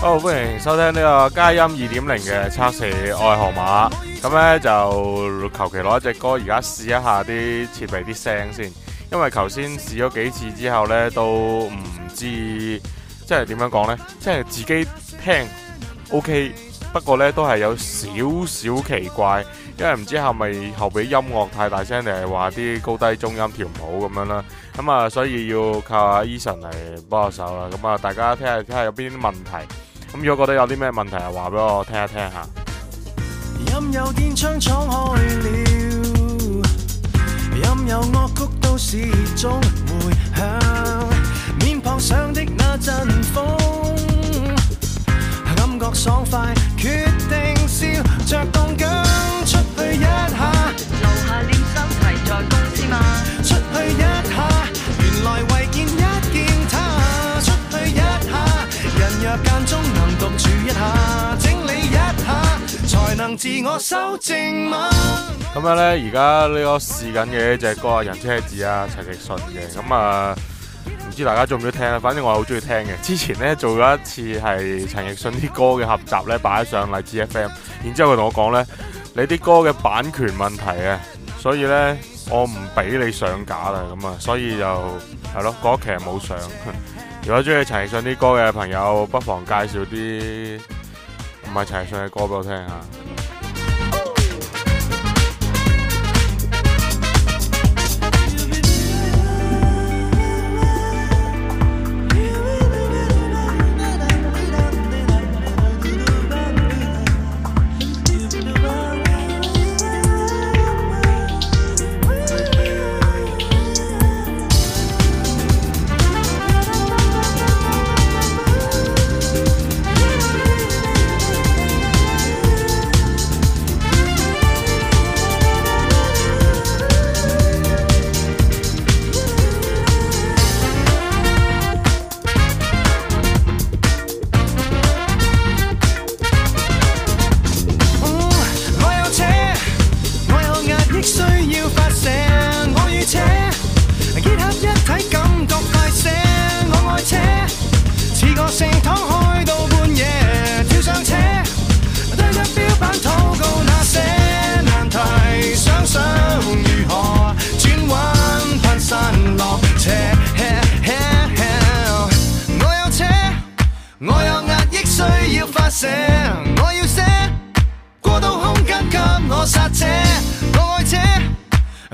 好、哦、歡迎收聽呢個街音二點零嘅測試，我係河馬。咁咧就求其攞一隻歌，而家試一下啲設備啲聲先，因為頭先試咗幾次之後咧都唔知道，即係點樣講咧，即係自己聽 OK。不過咧都係有少少奇怪，因為唔知係咪後邊音樂太大聲，定係話啲高低中音調唔好咁樣啦。咁啊，所以要靠阿 Eason 嚟幫下手啦。咁啊，大家聽下聽下有邊啲問題，咁如果覺得有啲咩問題啊，話俾我聽一聽吓。任有電咁樣咧，而家呢個試緊嘅呢隻歌啊，人車誌啊，陳奕迅嘅。咁、嗯、啊，唔、嗯、知道大家中唔中意聽啊？反正我好中意聽嘅。之前咧做咗一次係陳奕迅啲歌嘅合集咧，擺咗上荔枝 FM。然之後佢同我講咧，你啲歌嘅版權問題啊，所以咧我唔俾你上架啦。咁、嗯、啊，所以就係咯，嗰期係冇上。如果中意陳奕迅啲歌嘅朋友，不妨介紹啲唔係陳奕迅嘅歌俾我聽下。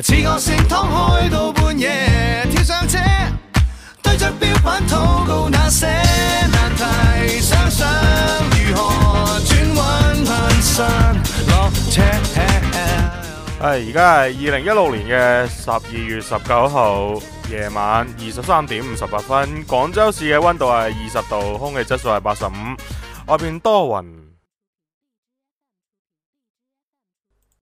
似我盛湯開到半夜，跳上車對着標板吐告那些難題，想想如何轉彎攀升落車。誒，而家係二零一六年嘅十二月十九號夜晚二十三點五十八分，廣州市嘅溫度係二十度，空氣質素係八十五，外邊多雲。